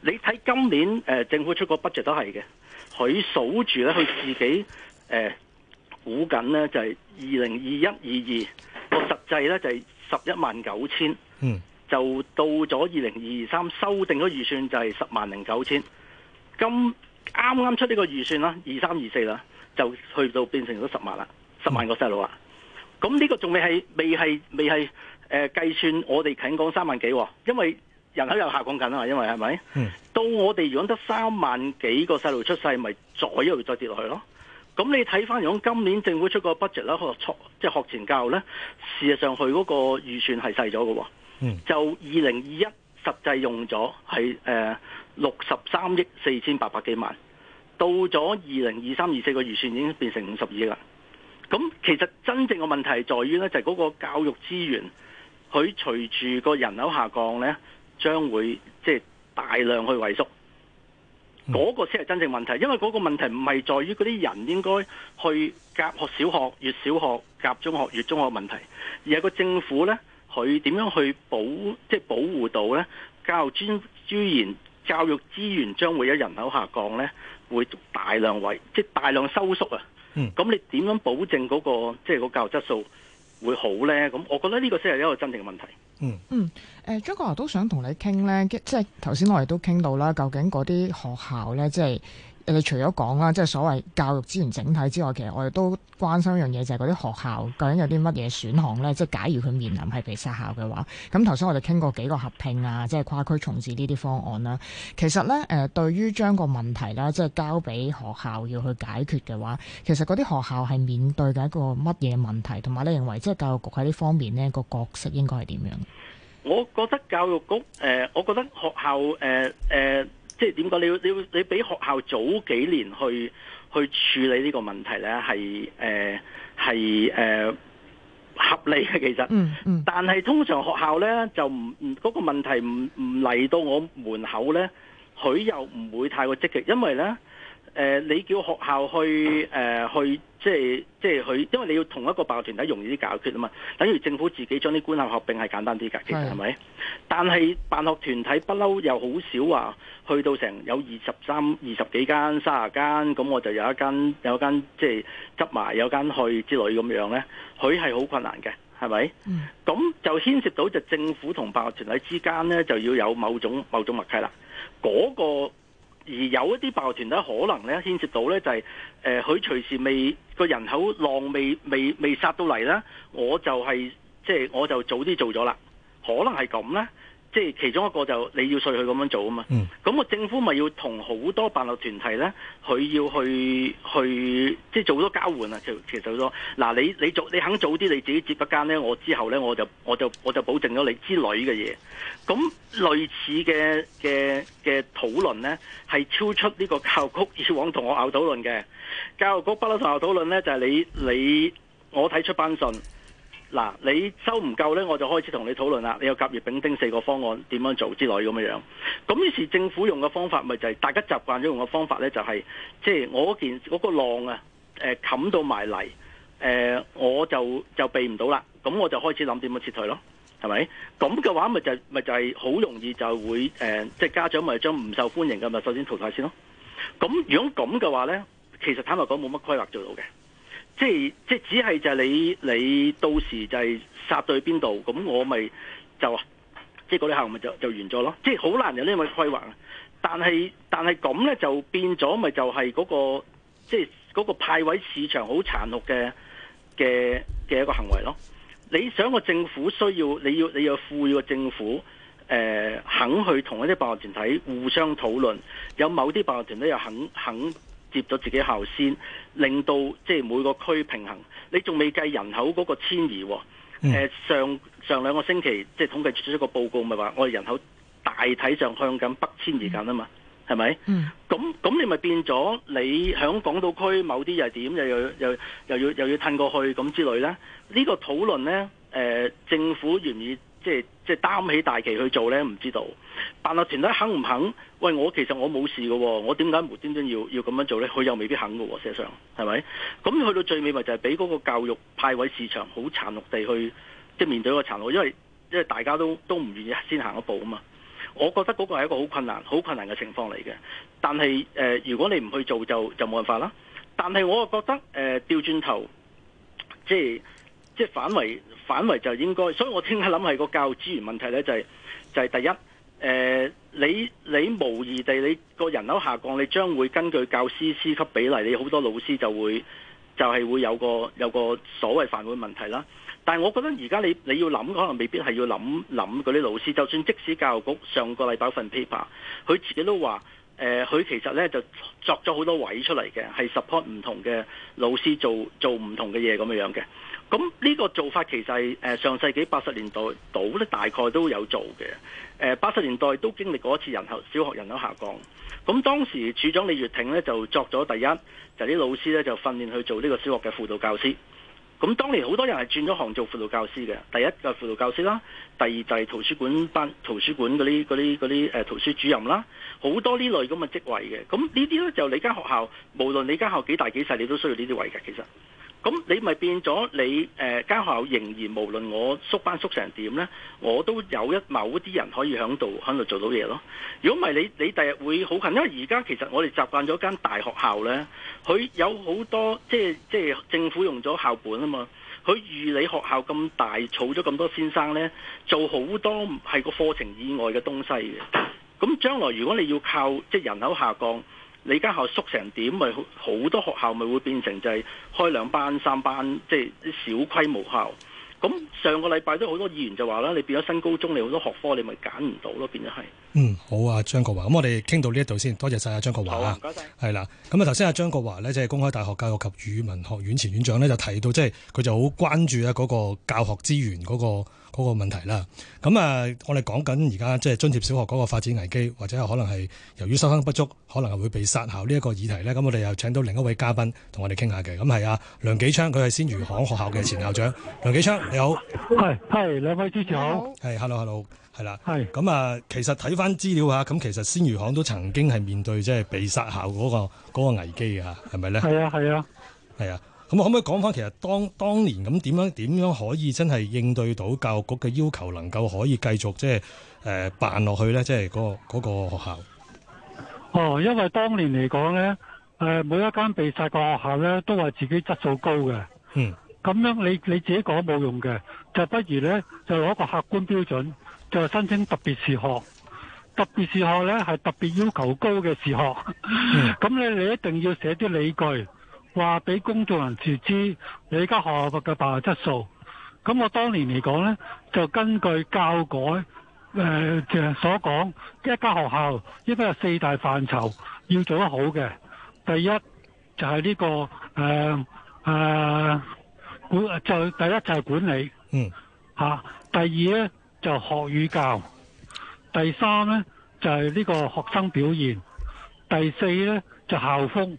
你睇今年誒、呃、政府出個 budget 都係嘅，佢數住呢，佢自己估緊、呃、呢，就係二零二一、二二，個實際呢，就係十一萬九千。嗯，就到咗二零二二三，修訂咗預算就係十萬零九千。咁啱啱出呢個預算啦，二三二四啦，就去到變成咗十萬啦。十萬個細路啊！咁呢個仲未係未係未係、呃、計算，我哋近講三萬幾、啊，因為人口又下降緊、啊、嘛。因為係咪、嗯？到我哋如果得三萬幾個細路出世，咪再又再跌落去咯。咁你睇翻如果今年政府出個 budget 咧，學初即係學前教育咧，事實上佢嗰個預算係細咗嘅。喎、嗯。就二零二一實際用咗係誒六十三億四千八百幾萬，到咗二零二三二四個預算已經變成五十二億啦。咁其實真正嘅問題在於呢，就係個教育資源，佢隨住個人口下降呢，將會即係、就是、大量去萎縮嗰、嗰個先係真正問題，因為嗰個問題唔係在於嗰啲人應該去夾學小學越小學夾中學越中學，越中學問題，而係個政府呢，佢點樣去保即係、就是、保護到呢教育專資源、教育資源將會有人口下降呢，會大量萎即係大量收縮啊！嗯，咁你點樣保證嗰個即係個教育質素會好咧？咁我覺得呢個先係一個真正嘅問題。嗯嗯，誒，張國華都想同你傾咧，即係頭先我哋都傾到啦，究竟嗰啲學校咧，即係。你除咗講啦，即係所謂教育資源整體之外，其實我哋都關心一樣嘢，就係嗰啲學校究竟有啲乜嘢選項呢？即係假如佢面臨係被殺校嘅話，咁頭先我哋傾過幾個合併啊，即係跨區重置呢啲方案啦。其實呢，誒、呃，對於將個問題啦，即係交俾學校要去解決嘅話，其實嗰啲學校係面對嘅一個乜嘢問題？同埋你認為即係教育局喺呢方面呢、呢個角色應該係點樣？我覺得教育局誒、呃，我覺得學校誒誒。呃呃即係點講？你要你要你俾學校早幾年去去處理呢個問題咧，係誒係誒合理嘅其實。但係通常學校咧就唔唔嗰個問題唔唔嚟到我門口咧，佢又唔會太過積極，因為咧。誒、呃，你叫學校去誒、呃、去，即係即係佢，因為你要同一個辦學團體容易啲解決啊嘛，等於政府自己將啲官校合併係簡單啲解決，係咪？但係辦學團體不嬲又好少話去到成有二十三、二十幾間、三十間，咁我就有一間、有一間即係執埋、有一間去之類咁樣咧，佢係好困難嘅，係咪？咁、嗯、就牽涉到就政府同辦學團體之間咧，就要有某種某種默契啦，嗰、那個而有一啲爆徒團體可能咧牽涉到咧就係、是、誒，佢、呃、隨時未個人口浪未未未殺到嚟咧，我就係即係我就早啲做咗啦，可能係咁咧。即係其中一個就你要隨佢咁樣做啊嘛，咁、嗯、我政府咪要同好多辦學團體咧，佢要去去即係做好多交換啊！其實好多嗱、啊，你你早你肯早啲你自己接一間咧，我之後咧我就我就我就保證咗你之類嘅嘢。咁類似嘅嘅嘅討論咧，係超出呢個教育局以往同學校討論嘅。教育局不嬲同學討論咧，就係、是、你你我睇出班信。嗱，你收唔夠呢，我就開始同你討論啦。你有甲乙丙丁四個方案點樣做之類咁樣樣。咁於是政府用嘅方法咪就係，大家習慣咗用嘅方法呢，就係即係我嗰件嗰個浪啊，誒冚到埋嚟，誒我就就避唔到啦。咁我就開始諗點樣撤退咯，係咪？咁嘅話咪就咪就係好容易就會誒，即係家長咪將唔受歡迎嘅咪首先淘汰先咯。咁如果咁嘅話呢，其實坦白講冇乜規劃做到嘅。即係即係只係就係你你到時就係殺到去邊度，咁我咪就即係嗰啲校咪就就，就，就完咗咯，即係好難有呢咁嘅規劃，但係但係咁咧就變咗咪就係嗰、嗰個即係嗰個派位市場好殘酷嘅嘅嘅一個行為咯。你想個政府需要你要你要賦予個政府誒、呃、肯去同一啲辦學團體互相討論，有某啲辦學團體又肯肯接咗自己校先。令到即係每個區平衡，你仲未計人口嗰個遷移喎、哦嗯？上上兩個星期即係統計出咗一個報告，咪話我哋人口大體上向緊北遷移緊啊嘛？係、嗯、咪？咁咁、嗯、你咪變咗你喺港島區某啲又點？又又又又要又要褪過去咁之類咧？呢、呢個討論咧、呃、政府願意？即係即係擔起大旗去做呢，唔知道，但係團體肯唔肯？喂，我其實我冇事嘅喎，我點解無端端要要咁樣做呢？佢又未必肯嘅喎，事實上係咪？咁去到最尾咪就係俾嗰個教育派位市場好殘酷地去即係面對個殘酷，因為因為大家都都唔願意先行一步啊嘛。我覺得嗰個係一個好困難、好困難嘅情況嚟嘅。但係，呃，如果你唔去做就就冇辦法啦。但係我又覺得誒，掉轉頭即係。即係反為反為就應該，所以我聽下諗係個教育資源問題呢，就係、是、就係、是、第一，誒、呃、你你無疑地你個人口下降，你將會根據教師師級比例，你好多老師就會就係、是、會有個有個所謂飯碗問題啦。但係我覺得而家你你要諗，可能未必係要諗諗嗰啲老師。就算即使教育局上個禮拜份 paper，佢自己都話。誒、呃，佢其實咧就作咗好多位出嚟嘅，係 support 唔同嘅老師做做唔同嘅嘢咁樣嘅。咁、嗯、呢、這個做法其實誒、呃、上世紀八十年代到咧大概都有做嘅。八、呃、十年代都經歷過一次人口小學人口下降。咁、嗯、當時署長李月挺呢就作咗第一，就啲、是、老師呢就訓練去做呢個小學嘅輔導教師。咁當年好多人係轉咗行做輔導教師嘅，第一就係輔導教師啦，第二就係圖書館班、圖書館嗰啲、嗰啲、嗰啲誒圖書主任啦，好多呢類咁嘅職位嘅。咁呢啲咧就你間學校，無論你間學校幾大幾細，你都需要呢啲位嘅，其實。咁你咪變咗你誒間、呃、學校仍然無論我縮班縮成點？呢，我都有一某啲人可以喺度響度做到嘢咯。如果唔係你你第日會好近，因為而家其實我哋習慣咗間大學校呢，佢有好多即係即係政府用咗校本啊嘛，佢預你學校咁大，儲咗咁多先生呢，做好多係個課程以外嘅東西嘅。咁將來如果你要靠即係人口下降。你家校縮成點，咪好多學校咪會變成就係開兩班三班，即係小規模校。咁上個禮拜都好多議員就話啦，你變咗新高中，你好多學科你咪揀唔到咯，變咗係。嗯，好啊，張國華，咁我哋傾到呢一度先，多謝晒啊張國華啊，多謝，謝。係啦，咁啊頭先啊張國華呢，即係公開大學教育及語文學院前院長呢，就提到即係佢就好關注咧嗰個教學資源嗰個嗰個問題啦。咁啊，我哋講緊而家即係津貼小學嗰個發展危機，或者可能係由於收生不足，可能係會被殺校呢一個議題呢。咁我哋又請到另一位嘉賓同我哋傾下嘅。咁係啊，梁紀昌，佢係鮮魚行學校嘅前校長，嗯嗯嗯，梁紀昌。你好，係，係兩位主持好，係 hello hello，係啦，係咁啊，其實睇翻資料吓，咁其實鮮魚行都曾經係面對即係被殺校嗰個嗰個危機啊，係咪咧？係啊係啊，係啊，咁可唔可以講翻，其實當當年咁點樣點樣可以真係應對到教育局嘅要求，能夠可以繼續即係誒辦落去咧？即係嗰個嗰個學校。哦，因為當年嚟講咧，誒、呃、每一間被殺嘅學校咧，都係自己質素高嘅，嗯。咁樣你你自己講冇用嘅，就不如呢就攞個客觀標準，就申請特別視學。特別視學呢係特別要求高嘅視學。咁你你一定要寫啲理據，話俾公眾人士知，你間學校嘅辦學質素。咁我當年嚟講呢，就根據教改誒所講，一間學校應該有四大範疇要做得好嘅。第一就係呢個誒誒。就第一就係管理，嚇、嗯、第二咧就是學語教，第三咧就係呢個學生表現，第四咧就是校風。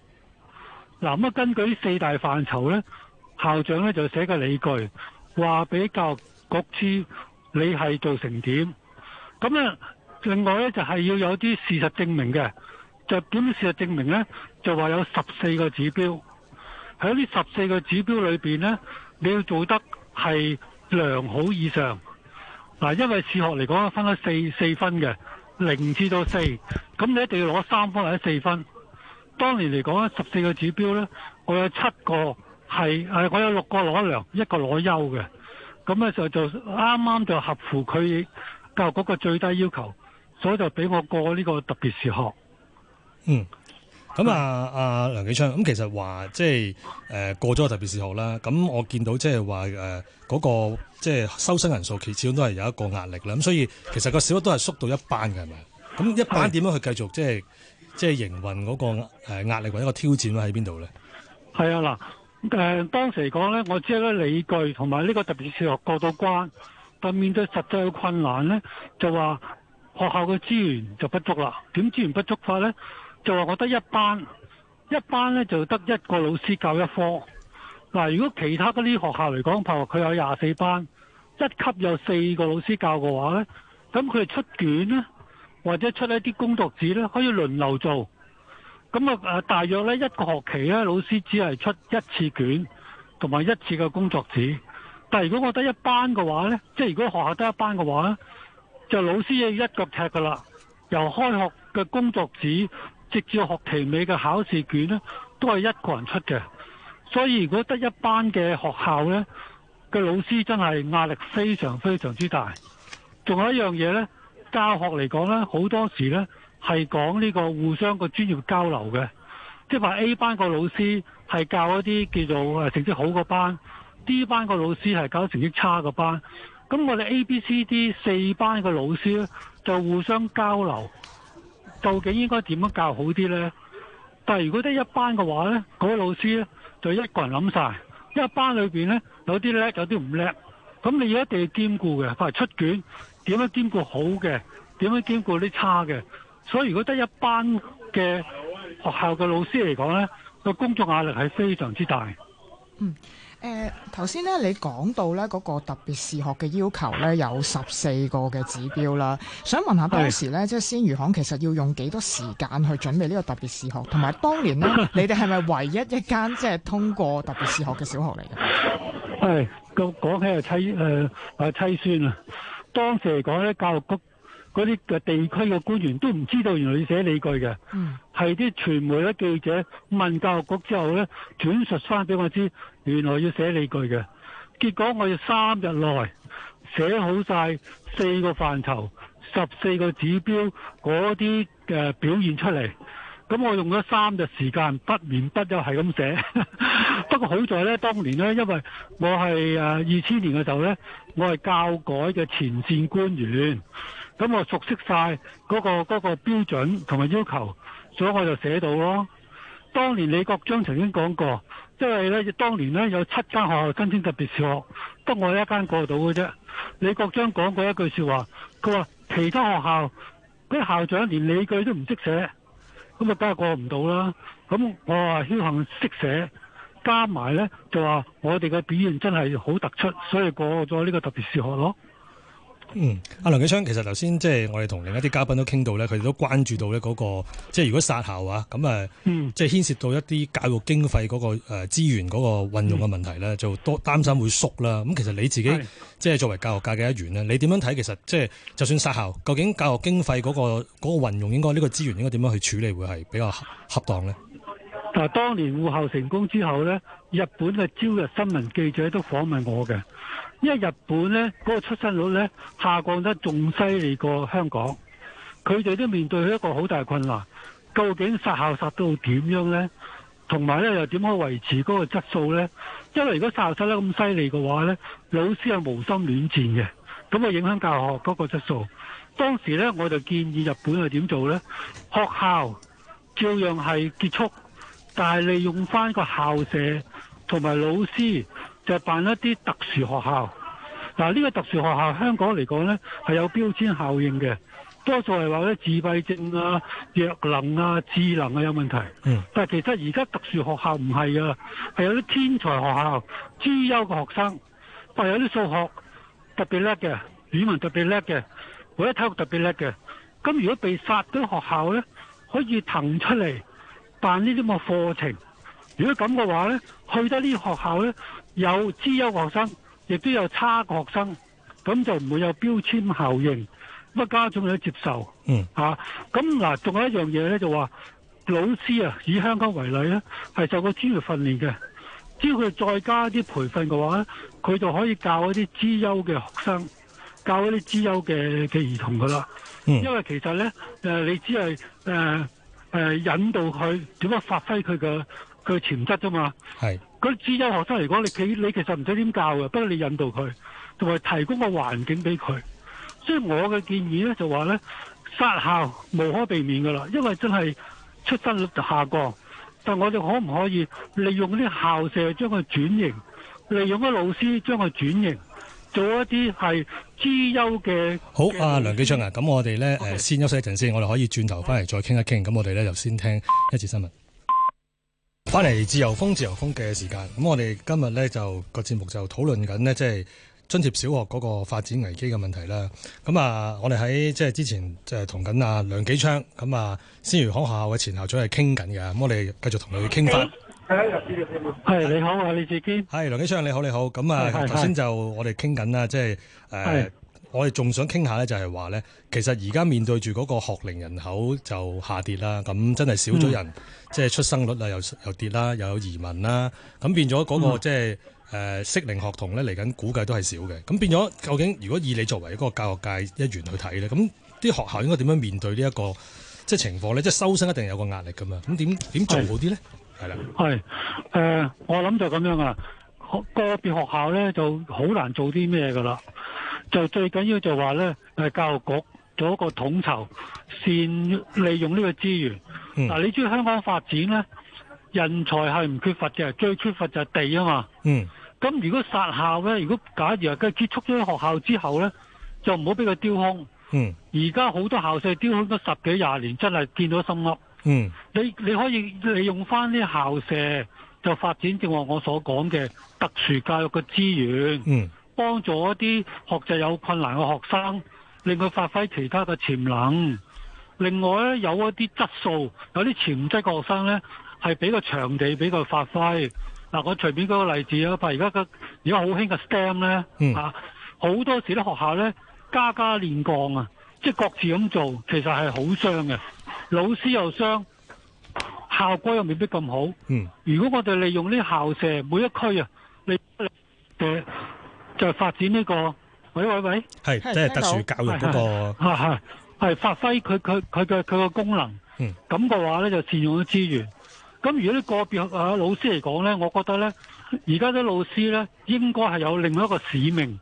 嗱，咁根據呢四大範疇咧，校長咧就寫個理據，話俾教育局知你係做成點。咁咧，另外咧就係要有啲事實證明嘅。就點事實證明咧？就話有十四個指標，喺呢十四個指標裏邊咧，你要做得係良好以上，嗱，因為視學嚟講分咗四四分嘅，零至到四，咁你一定要攞三分或者四分。當年嚟講咧，十四個指標咧，我有七個係誒，我有六個攞良，一個攞優嘅，咁咧就就啱啱就合乎佢教育局嗰個最低要求，所以就俾我過呢個特別視學。嗯。咁、嗯嗯、啊，阿、啊、梁紀昌，咁、嗯、其實話即係誒、呃、過咗特別視學啦，咁、嗯、我見到、呃那個、即係話誒嗰個即係收生人數，其實都係有一個壓力啦。咁、嗯、所以其實個小學都係縮到一班嘅，係咪？咁、嗯、一班點樣去繼續即係即係營運嗰、那個壓、呃、壓力或者一個挑戰喺邊度咧？係啊，嗱、呃、誒當時嚟講咧，我只有理據同埋呢個特別視學過到關，但面對實際嘅困難咧，就話學校嘅資源就不足啦。點資源不足法咧？就話我覺得一班一班呢就得一個老師教一科。嗱，如果其他嗰啲學校嚟講，譬如佢有廿四班，一級有四個老師教嘅話呢，咁佢哋出卷呢，或者出一啲工作紙呢，可以輪流做。咁啊誒大約呢一個學期呢，老師只係出一次卷同埋一次嘅工作紙。但係如果我覺得一班嘅話呢，即係如果學校得一班嘅話呢，就老師就要一腳踢噶啦，由開學嘅工作紙。直至學期尾嘅考試卷呢都係一個人出嘅。所以如果得一班嘅學校呢嘅老師真係壓力非常非常之大。仲有一樣嘢呢，教學嚟講呢好多時呢係講呢個互相個專業交流嘅。即係話 A 班個老師係教一啲叫做成績好個班，D 班個老師係教成績差個班。咁我哋 A、B、C、D 四班嘅老師呢，就互相交流。究竟應該點樣教好啲呢？但係如果得一班嘅話呢嗰位老師呢，就一個人諗晒。一班裏面呢，有啲叻，有啲唔叻，咁你要一定要兼顧嘅，譬如出卷點樣兼顧好嘅，點樣兼顧啲差嘅。所以如果得一班嘅學校嘅老師嚟講呢，個工作壓力係非常之大。嗯。誒，頭先咧你講到咧嗰個特別視學嘅要求咧有十四個嘅指標啦，想問下當時咧即係鮮魚行其實要用幾多時間去準備呢個特別視學，同埋當年咧 你哋係咪唯一一間即係通過特別視學嘅小學嚟嘅？係，講起誒阿妻孫啊、呃，當時嚟講咧教育局嗰啲嘅地區嘅官員都唔知道原來你寫理據嘅，係、嗯、啲傳媒咧記者問教育局之後咧轉述翻俾我知。原來要寫理據嘅，結果我要三日內寫好曬四個範疇、十四個指標嗰啲嘅表現出嚟。咁我用咗三日時間，不眠不休係咁寫。 不過好在呢，當年呢，因為我係誒二千年嘅時候呢，我係教改嘅前線官員，咁我熟悉曬嗰個嗰個標準同埋要求，所以我就寫到咯。當年李國章曾經講過。因為咧，當年咧有七間學校申請特別視學，得我一間過到嘅啫。李國章講過一句說話，佢話其他學校嗰啲校長連理據都唔識寫，咁啊梗係過唔到啦。咁我話，僥倖識寫，加埋咧就話我哋嘅表現真係好突出，所以過咗呢個特別視學咯。嗯，阿梁紀昌，其實頭先即係我哋同另一啲嘉賓都傾到咧，佢哋都關注到咧、那、嗰個，即係如果殺校啊，咁啊，即係牽涉到一啲教育經費嗰個誒資源嗰個運用嘅問題咧，就多擔心會縮啦。咁其實你自己即係作為教育界嘅一員咧，你點樣睇？其實即係就算殺校究竟教育經費嗰、那個嗰、那個運用應該，應該呢個資源應該點樣去處理，會係比較恰當咧？嗱，當年護校成功之後咧，日本嘅朝日新聞記者都訪問我嘅。因為日本呢個出生率呢下降得仲犀利過香港，佢哋都面對一個好大困難。究竟殺校殺到點樣呢？同埋呢又點可以維持嗰個質素呢？因為如果殺校殺得咁犀利嘅話呢，老師係無心戀戰嘅，咁啊，影響教學嗰個質素。當時呢，我就建議日本係點做呢？學校照樣係結束，但係利用翻個校舍同埋老師。就係、是、辦一啲特殊學校。嗱、啊，呢、這個特殊學校香港嚟講呢，係有標籤效應嘅，多數係話啲自閉症啊、弱能啊、智能啊有問題。嗯。但係其實而家特殊學校唔係啊，係有啲天才學校，資優嘅學生，但係有啲數學特別叻嘅，語文特別叻嘅，或者體育特別叻嘅。咁如果被殺咗學校呢，可以騰出嚟辦呢啲咁嘅課程。如果咁嘅話呢，去得呢啲學校呢。有資優學生，亦都有差學生，咁就唔會有標籤效應，乜家長都接受。嗯，咁、啊、嗱，仲有一樣嘢咧，就話老師啊，以香港為例咧，係受過專業訓練嘅。只要佢再加啲培訓嘅話咧，佢就可以教一啲資優嘅學生，教一啲資優嘅嘅兒童噶啦、嗯。因為其實咧、呃，你只係誒誒引導佢點樣發揮佢嘅嘅潛質啫嘛。係。嗰啲資優學生嚟講，你佢你其實唔使點教嘅，不過你引導佢，同埋提供個環境俾佢。所以我嘅建議咧就話咧，殺校無可避免嘅啦，因為真係出生率就下降。但我哋可唔可以利用啲校舍將佢轉型，利用啲老師將佢轉型，做一啲係資優嘅。好啊，梁紀昌啊，咁我哋咧誒先休息一陣先，我哋可以轉頭翻嚟再傾一傾。咁我哋咧就先聽一節新聞。翻嚟自由風自由風嘅時間，咁我哋今日咧就個節目就討論緊呢，即係津貼小學嗰個發展危機嘅問題啦。咁啊，我哋喺即係之前即係同緊啊梁紀昌，咁啊鮮魚行學校嘅前校長係傾緊嘅，咁我哋繼續同佢傾翻。係你好啊，李志堅。係梁紀昌你好你好，咁啊頭先就我哋傾緊啦，即係我哋仲想傾下咧，就係話咧，其實而家面對住嗰個學齡人口就下跌啦，咁真係少咗人，嗯、即係出生率啊又又跌啦，又有移民啦，咁變咗嗰個即係誒適齡學童咧嚟緊，估計都係少嘅。咁變咗，究竟如果以你作為一個教學界一員去睇咧，咁啲學校應該點樣面對呢、這、一個即係情況咧？即係收生一定有一個壓力噶嘛？咁點點做好啲咧？係啦，係、呃、我諗就咁樣噶啦，個別學校咧就好難做啲咩噶啦。就最緊要就話呢，教育局做一個統籌，善利用呢個資源。嗱、嗯，你知道香港發展呢，人才係唔缺乏嘅，最缺乏就係地啊嘛。嗯。咁如果殺校呢，如果假如佢結束咗學校之後呢，就唔好俾佢丟空。嗯。而家好多校舍丟空咗十幾廿年，真係見到心噏。嗯。你你可以利用翻啲校舍，就發展正話我所講嘅特殊教育嘅資源。嗯。幫助一啲學習有困難嘅學生，令佢發揮其他嘅潛能。另外咧，有一啲質素、有啲潛質嘅學生咧，係俾個場地俾佢發揮。嗱、啊，我隨便舉個例子、嗯、啊，譬如而家個而家好興嘅 STEM 咧，吓好多時啲學校咧，家家練鋼啊，即係各自咁做，其實係好傷嘅，老師又傷，效果又未必咁好，嗯。如果我哋利用呢啲校舍，每一區啊，你嘅就係，發展呢、呢個，喂喂喂，係即係特殊教育呢、呢個，係係係發揮佢佢佢嘅佢嘅功能。嗯，咁嘅話咧就善用啲資源。咁如果啲個別老師嚟講咧，我覺得咧，而家啲老師咧應該係有另，另外一個使命。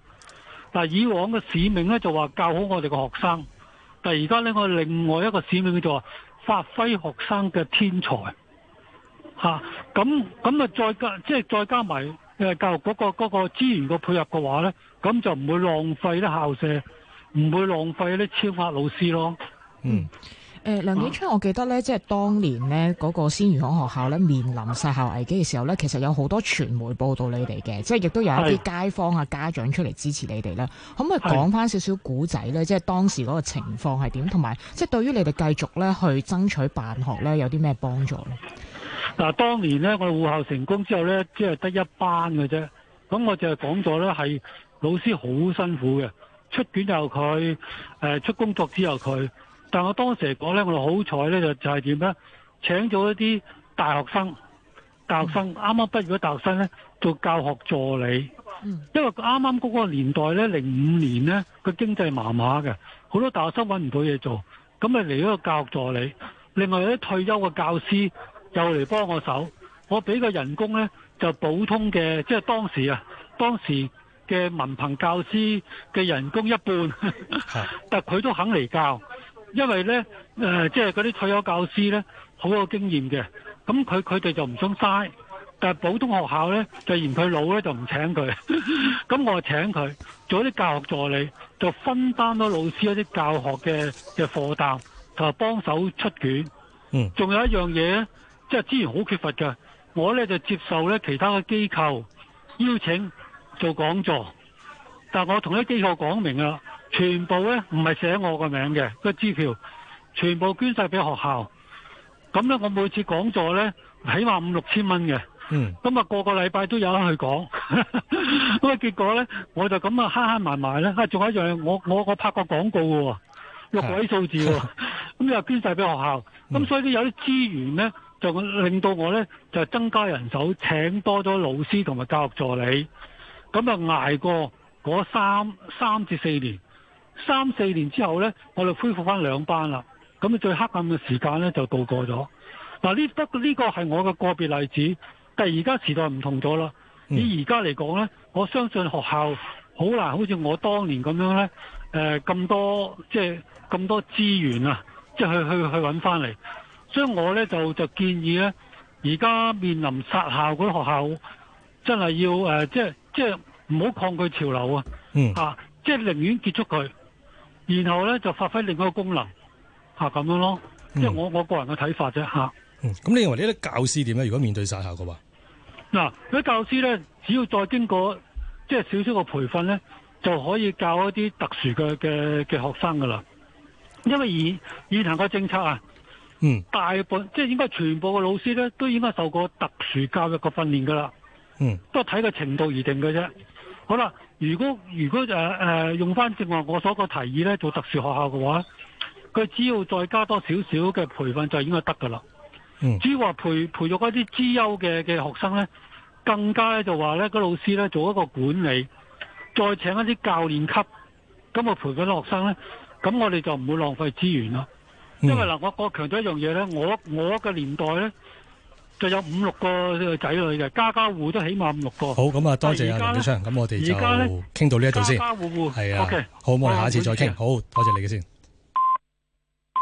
但係以往嘅使命咧就話教好我哋嘅學生，但係而家咧我另外一個使命叫做發揮學生嘅天才。吓咁咁啊再加即係再加埋。誒教育嗰個嗰資源個配合嘅話咧，咁就唔會浪費啲校舍，唔會浪費啲超額老師咯。嗯，誒、呃、梁紀昌、嗯，我記得咧，即係當年咧嗰、嗰個鮮魚行學校咧面臨殺校危機嘅時候咧，其實有好多傳媒報道你哋嘅，即係亦都有一啲街坊啊家長出嚟支持你哋啦。可唔可以講翻少少古仔咧？即係當時嗰個情況係點，同埋即係對於你哋繼續咧去爭取辦學咧有啲咩幫助咧？嗱、啊，當年咧，我護校成功之後咧，即係得一班嘅啫。咁我就講咗咧，係老師好辛苦嘅，出卷由佢、呃，出工作紙由佢。但我當時嚟講咧，我好彩咧，就就係點咧？請咗一啲大學生、大學生啱啱、嗯、畢業嘅大學生咧，做教學助理。嗯、因為啱啱嗰個年代咧，零五年咧，個經濟麻麻嘅，好多大學生揾唔到嘢做，咁咪嚟咗個教學助理。另外有啲退休嘅教師。又嚟幫我手，我俾個人工呢，就普通嘅，即係當時啊，當時嘅文憑教師嘅人工一半， 但佢都肯嚟教，因為呢，即係嗰啲退休教師呢，好有經驗嘅，咁佢佢哋就唔想嘥，但係普通學校呢，就嫌佢老呢，就唔請佢，咁 我就請佢做啲教學助理，就分擔咗老師一啲教學嘅嘅課擔，就係幫手出卷，嗯，仲有一樣嘢。即係資源好缺乏嘅，我咧就接受咧其他嘅機構邀請做講座，但係我同啲機構講明啊，全部咧唔係寫我個名嘅個支票，全部捐晒俾學校。咁咧我每次講座咧起碼五六千蚊嘅，咁、嗯、啊個個禮拜都有得去講。咁 啊結果咧我就咁啊慳慳埋埋咧，啊仲有一樣我我我拍過廣告喎，六位數字喎，咁你話 捐晒俾學校。咁所以都有啲資源咧。就令到我呢就增加人手，請多咗老師同埋教育助理，咁啊捱過嗰三三至四年，三四年之後呢，我哋恢復翻兩班啦，咁啊最黑暗嘅時間呢，就度過咗。嗱呢，不過呢個係我嘅個別例子，但而家時代唔同咗啦、嗯。以而家嚟講呢，我相信學校難好難好似我當年咁樣呢，誒、呃、咁多即係咁多資源啊，即、就、係、是、去去去揾翻嚟。所以我咧就就建議咧，而家面臨殺校嗰啲學校真係要誒，即係即係唔好抗拒潮流啊！嚇嗯，即係寧願結束佢，然後咧就發揮另一個功能嚇咁樣咯。即係我我個人嘅睇法啫嚇。嗯，咁你認為呢啲教師點咧？如果面對殺校嘅話，嗱，如果教師咧，只要再經過即係少少嘅培訓咧，就可以教一啲特殊嘅嘅嘅學生噶啦。因為以現行嘅政策啊。嗯，大部即係、就是、應該全部嘅老師咧，都應該受過特殊教育個訓練噶啦。嗯，都係睇個程度而定嘅啫。好啦，如果如果誒、呃、用翻正話我所個提議咧，做特殊學校嘅話，佢只要再加多少少嘅培訓就應該得噶啦。嗯，只話培培育一啲資優嘅嘅學生咧，更加咧就話咧個老師咧做一個管理，再請一啲教練級咁啊培訓佢啲學生咧，咁我哋就唔會浪費資源咯。嗯、因為嗱，我我強調一樣嘢咧，我我嘅年代咧就有五六個仔女嘅，家家戶都起碼五六個。好，咁、嗯、啊，多謝啊，梁紀昌，咁我哋就傾到呢一度先。家家戶戶，係啊，okay，好，我哋下一次再傾，uh，好，多謝，謝你嘅先。